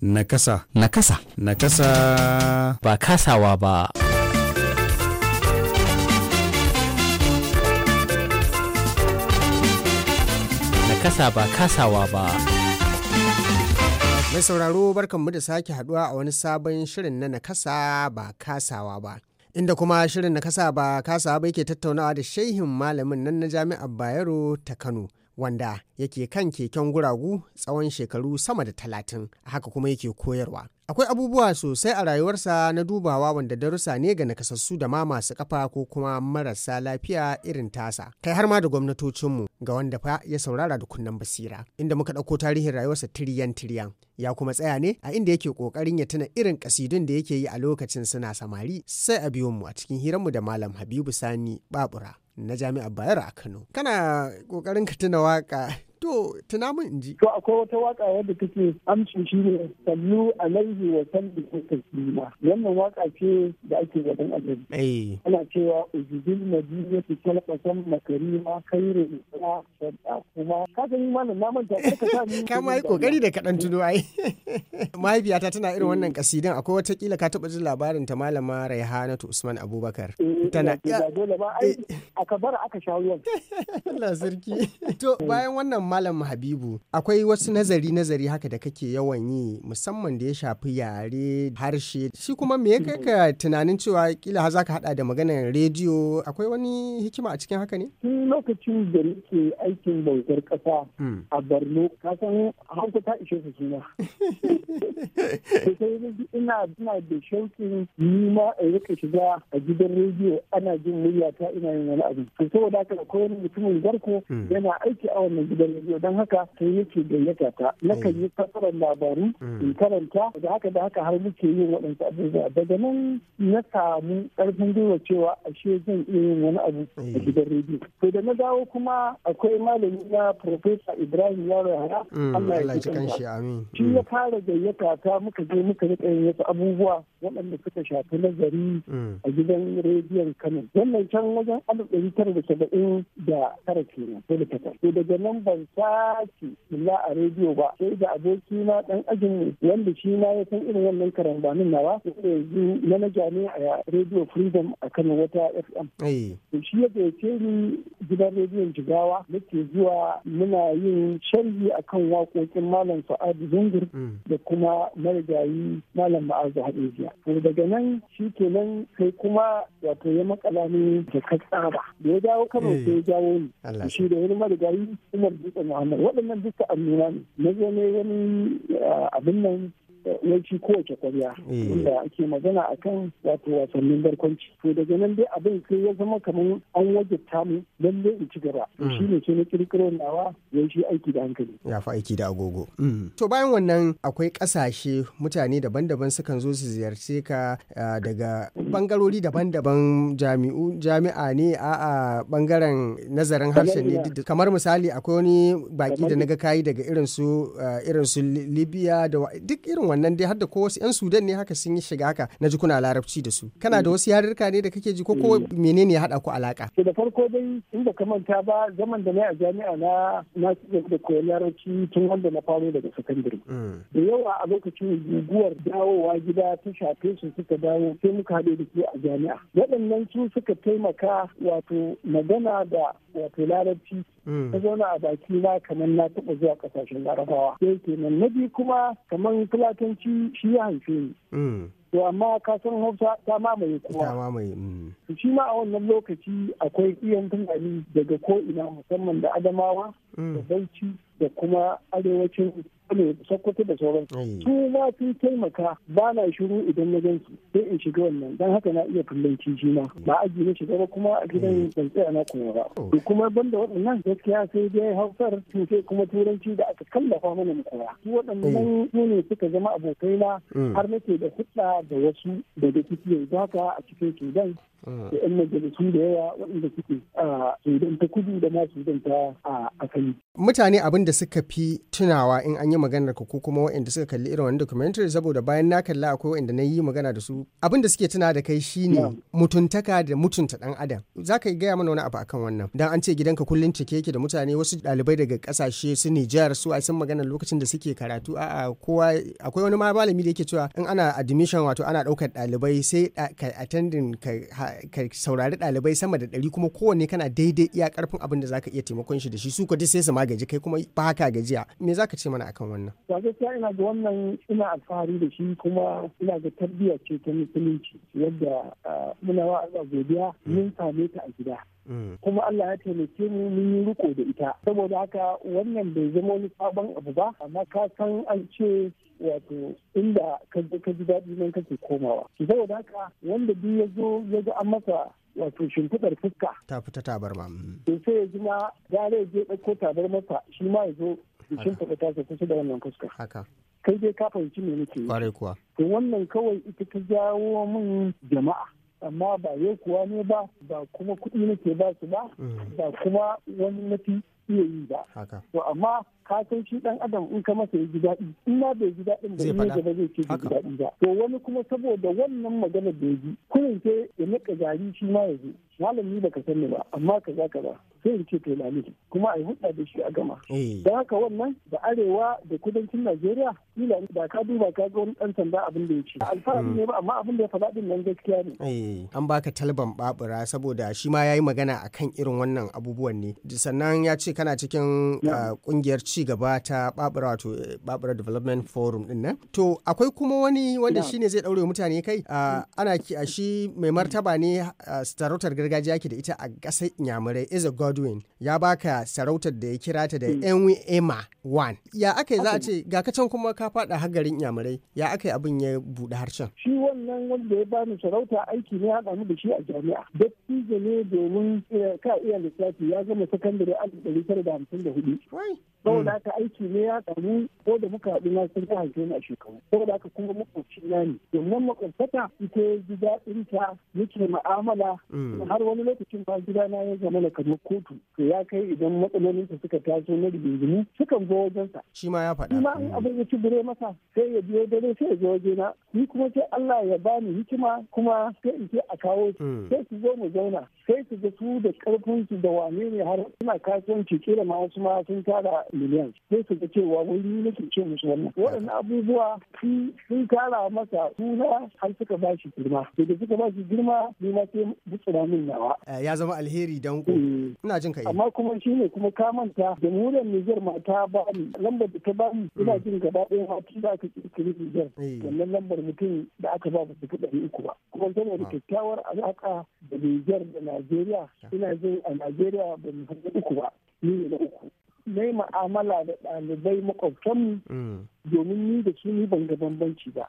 Nakasa. Nakasa. Nakasa. Ba kasawa ba. Nakasa ba kasawa ba. Mai sauraro barkanmu da sake haduwa a wani sabon shirin na nakasa ba kasawa ba. Inda kuma shirin nakasa ba kasawa ba yake tattaunawa da shehin malamin nan na jami'ar Bayero ta Kano. wanda yake kan keken guragu tsawon shekaru sama da talatin haka kuma yake koyarwa akwai abubuwa sosai a rayuwarsa na dubawa wanda darussa ne ga nakasassu da ma masu kafa ko kuma marasa lafiya irin tasa kai har ma da gwamnatocinmu ga wanda fa ya saurara da kunnen basira inda muka ɗauko tarihin rayuwarsa tiriyan tiriyan ya kuma tsaya ne a inda yake ƙoƙarin ya tuna irin kasidun da yake yi a lokacin suna samari sai a biyo mu a cikin hiranmu da malam habibu sani babura na jami'ar bayero a kano kana kokarin ka tuna waka to tuna mun in ji. To akwai wata waka wadda take amshi shi ne sallu alaihi wa sallu taslima. Wannan waka ce da ake gaban azabi. Eh. Ana cewa ujubil nabiyyi talqasan makarima khairu ila sadda kuma ka san ga malam na ta ka sa ni. Ka yi kokari da kaɗan tuno ai. Mahaifiyata tana irin wannan kasidan akwai wata kila ka taɓa jin labarin ta malama Raihanatu Usman Abubakar. Eh, tana ba dole ba ai eh. aka bar aka shawo. Allah sarki. To bayan wannan Malam Habibu, akwai wasu nazari-nazari haka da kake yawan yi musamman da ya shafi yare harshe. Shi kuma me ya ka tunanin cewa kila za ka hada da maganar rediyo akwai wani hikima a cikin haka ne? Tun lokacin da nake aikin bautar kasa hmm. a Borno, ka san hanku ta ishe su suna. ina ina da shaukin nima a rika shiga a gidan rediyo ana jin murya ta ina yin wani abu. To saboda haka akwai wani mutumin garko hmm. yana aiki a wannan gidan rediyo. radio don haka sai yake gayyata ta nakan yi fassarar labaru mm. in karanta da haka da haka har muke yin waɗansu abubuwa daga nan na samu ƙarfin gwiwa cewa ashe zan iya yin wani abu a eh. gidan rediyo to da na dawo kuma akwai malami na profesa ibrahim yaro yara mm, allah ya ji shi amin shi ya mm. fara gayyata ta muka je muka riƙa yin wasu abubuwa waɗanda suka shafi nazari a gidan rediyon kano wannan can wajen alif ɗari tara da saba'in da tara kenan ko da takwas to daga nan ban sake illa a rediyo ba sai da aboki na dan ajin ne wanda shi na ya san irin wannan karambanin nawa da yanzu manaja ne a rediyo freedom a kan wata fm eh. to shi ya gayyace ni gidan rediyon jigawa nake zuwa muna yin sharhi akan waƙoƙin malam sa'adu zungur mm. da kuma marigayi malam ma'azu hadejiya to daga nan shi kenan sai kuma wato ya makala ne da ka tsaba da ya dawo kano eh. sai ya jawo ni shi da wani marigayi umar dutse Muhammad waɗannan duka amina ne na zo ne wani ah, abin nan yanki kowace kwarya eh. inda ake magana akan wato wasannin barkwanci to daga nan dai abin sai ya zama kamar an waje tamu lalle in ci gaba mm. shi ne ce na kirkiro nawa ya shi aiki da hankali ya fi aiki da agogo mm. to bayan wannan akwai kasashe mutane daban-daban sukan zo su ziyarce ka daga bangarori daban-daban jami'u jami'a ne a bangaren nazarin harshen ne kamar misali akwai wani baki da na ga kayi daga irin su irin su libya da duk irin wannan dai har da ko wasu 'yan Sudan ne haka sun yi shiga haka na ji kuna larabci da su. Kana da wasu yarurruka ne da kake ji ko ko mm. menene ya haɗa ku alaka? To da farko dai in da manta ba zaman da na a jami'a na na da koyon larabci tun wanda na faro daga sakandare. Mm. Da yawa a lokacin guguwar dawowa gida ta shafe su suka dawo sai muka haɗe da su a jami'a. Waɗannan su suka taimaka wato magana da wato larabci ta mm. zauna a baki na kamar na taɓa zuwa ƙasashen larabawa sai kenan na biyu kuma kamar fulatanci shi ya haife ni mm. to amma ka san hausa ta mamaye kowa ta mamaye mm. to shi ma a wannan lokaci akwai iyan tunani daga ko ina musamman da adamawa mm. da bauchi da kuma arewacin ne sokoto da sauran su ma sun taimaka ba na shiru idan na gan su sai in shiga wannan dan haka na iya fullanci shi ma ba aji na shiga ba kuma a gidan mm. ban tsaya na kuma ba oh. to kuma banda waɗannan gaskiya sai dai hausar to sai kuma turanci da aka kallafa mana mu kuma su waɗannan su ne suka zama abokai na har nake da hudda da wasu daga cikin zaka a cikin sudan da 'yan majalisun da yawa waɗanda suke a sudan ta kudu da ma sudan ta Mutane abin da suka fi tunawa in an yi maganar ko kuma waɗanda suka kalli irin wani documentary saboda bayan na kalla akwai waɗanda na yi magana da su abin da suke tuna da kai shine mutuntaka da mutunta ɗan adam. Za ka gaya mana wani abu akan wannan. Dan an ce gidanka kullum cike yake da mutane wasu ɗalibai daga ƙasashe su Nijar su a sun magana lokacin da suke karatu a'a kowa akwai wani malami da yake cewa in ana admission wato ana ɗaukar ɗalibai sai ka attending ka ka saurari ɗalibai sama da ɗari kuma kowanne kana daidai iya karfin abin da zaka iya taimakon shi da shi su ji sai su magaji kai kuma ba ka gajiya me zaka ce mana akan wannan ba gaskiya ina ga wannan ina alfahari da shi kuma ina ga tarbiyya ce ta musulunci yadda muna wa Allah godiya mun same ta a gida mm. kuma Allah ya taimake mu mun yi riko da ita saboda haka wannan bai zama wani sabon abu ba amma ka san an ce wato inda ka ji daɗi nan kake komawa saboda haka wanda duk ya zo ya ga an masa wato shimfiɗar fuska ta fita tabarma mm. to sai ya ji ma gare je ɗauko masa shi ma ya zo ya shimfiɗa tasa kusa da wannan fuska haka kai dai ka fahimci me nake ware kuwa to wannan kawai ita ta jawo min jama'a amma ba yau kuwa ne ba ba kuma kuɗi nake ba su ba mm. ba kuma wani mafi iya yi ba to amma ka san shi dan adam in ka masa ya ji daɗi in ma bai ji daɗin ba ne gaba zai ce ji daɗi ba to wani kuma saboda wannan magana da ya ji kurin sai ya nika gari shi ma ya ji malami ba ka ni ba amma ka kaza ba sai in ce to lali kuma a yi hudda da shi a gama eh. don haka wannan da arewa da kudancin najeriya kila da ka duba ka ga wani dan sanda abin da ya ce alfahari mm. ne ba amma abin da ya faɗa din nan gaskiya ne eh, an baka talban babura saboda shi ma yayi magana akan irin wannan abubuwan ne sannan ya ce kana cikin kungiyar ah, ci ci gaba ta babura wato babura eh, development forum din nan to akwai kuma wani wanda shine zai daure mutane kai ana ki shi mai martaba ne sarautar gargajiya ke da ita a ƙasar inyamurai a Godwin ya baka sarautar da ya kira ta da hmm. Enwi Ema 1 ya aka za a ce ga kacan kuma ka fada hagarin inyamurai ya aka abin ya buɗe harshen shi wannan wanda ya bani sarauta aiki ne haɗa mu da shi a jami'a dattijo ne domin eh, ka iya lissafi ya zama sakandare alif ɗari tara da hamsin da hudu za ta aiki ne ya damu ko da muka haɗu na sun haife ni a shekaru da aka kuma makwabci na ne domin makwabtaka ita ya ji daɗin ta yake ma'amala mm. har wani lokacin ba gida na ya zama na kamar kotu to ya kai idan matsalolin ta suka taso na rigingimu sukan zo wajen sa shi ma ya faɗa shi ma in mm. abin ya ci bire masa sai ya biyo dare sai ya je waje na ni kuma sai Allah ya bani hikima kuma sai in ce a kawo mm. sai su zo mu zauna sai su ga su da karfin su da wane ne har suna kasuwanci kila ma wasu ma sun tara miliyan sai su ga cewa wai ni nake ce musu wannan waɗannan abubuwa sun kara masa suna har suka ba shi girma sai da suka ba shi girma ni ma sai gutsura min nawa eh, ya zama alheri dan ku eh. ina jin kai eh. amma kuma shine kuma ka manta jamhuriyar Niger ma ta ba ni lambar da ta ba ni mm. ina jin gaba ɗaya ma tun da aka kirkiri Niger wannan lambar mutum da aka ba ba su ɗari uku ba kuma saboda ah. kyakkyawar alaƙa da Niger da Najeriya ina jin a Najeriya ba mu uku ba ni ne na uku na yi ma'amala da ɗalibai makwabtanmu mm. domin ni da su ni ban ga bambanci ba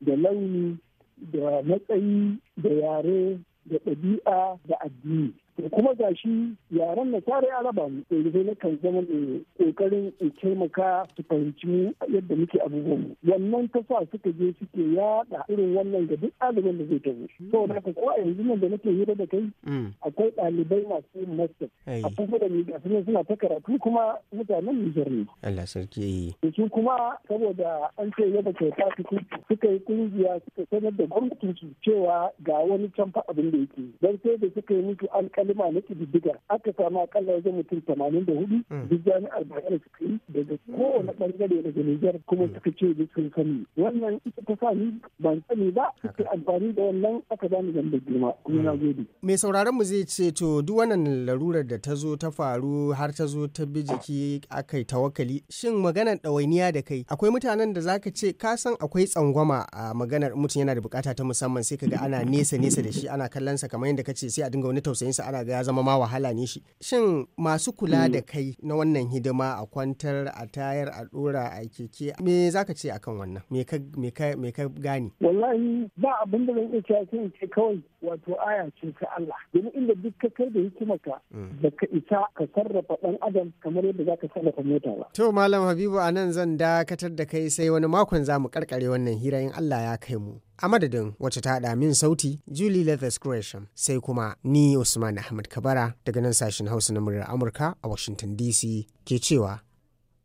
da launi da matsayi da yare da ɗabi'a da addini kuma ga shi yaren na tare ya raba mu sai na kan zama mai kokarin in taimaka su fahimci yadda muke abubuwan mu wannan ta sa suka je suke yaɗa irin wannan ga duk ɗaliban da zai tafi hmm. saboda haka ko a yanzu nan da nake hira da kai hmm. akwai ɗalibai masu yin master a kuma da ni gasu suna ta karatu kuma mutanen Nijar ne Allah sarki yi eh. su kuma saboda an ce yadda kai ta suka yi ƙungiya suka sanar da gwamnatin su cewa ga wani can fa abin da yake dan sai da suka yi mutu an kalma na ƙididdiga aka samu akalla wajen mutum tamanin da hudu hmm. duk jami bayar su kai daga kowane ɓangare daga Nijar kuma hmm. suka ce da sun sani wannan ita ta sani ban sani ba suke amfani da wannan aka bani da girma kuma na hmm. gode. Mai sauraron mu zai ce to duk wannan larurar da ta zo ta faru har ta zo ta bi jiki akai yi tawakali shin maganar ɗawainiya da kai akwai mutanen da zaka ce ka san akwai tsangwama a maganar mutum yana da bukata ta musamman sai ga ana nesa nesa da shi ana kallon sa kamar yadda kace sai a dinga wani tausayin sa ana ga ya zama ma wahala ne shi shin masu kula da mm. kai na wannan hidima a kwantar a tayar a dora a keke me zaka ce akan wannan me ka me ka gane wallahi ba abin da zan iya cewa kin ce kawai wato aya ce ta Allah domin inda duk ka kai da hikimaka da mm. ka isa ka sarrafa dan adam kamar yadda zaka sarrafa mota ba to malam habibu anan zan dakatar da kai sai wani makon zamu karkare wannan hira in Allah ya kai mu a madadin wacce ta haɗa min sauti Julie Leathers Gresham sai kuma ni Usman Ahmad Kabara daga nan sashen Hausa na muryar Amurka a Washington DC ke cewa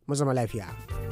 mu zama lafiya.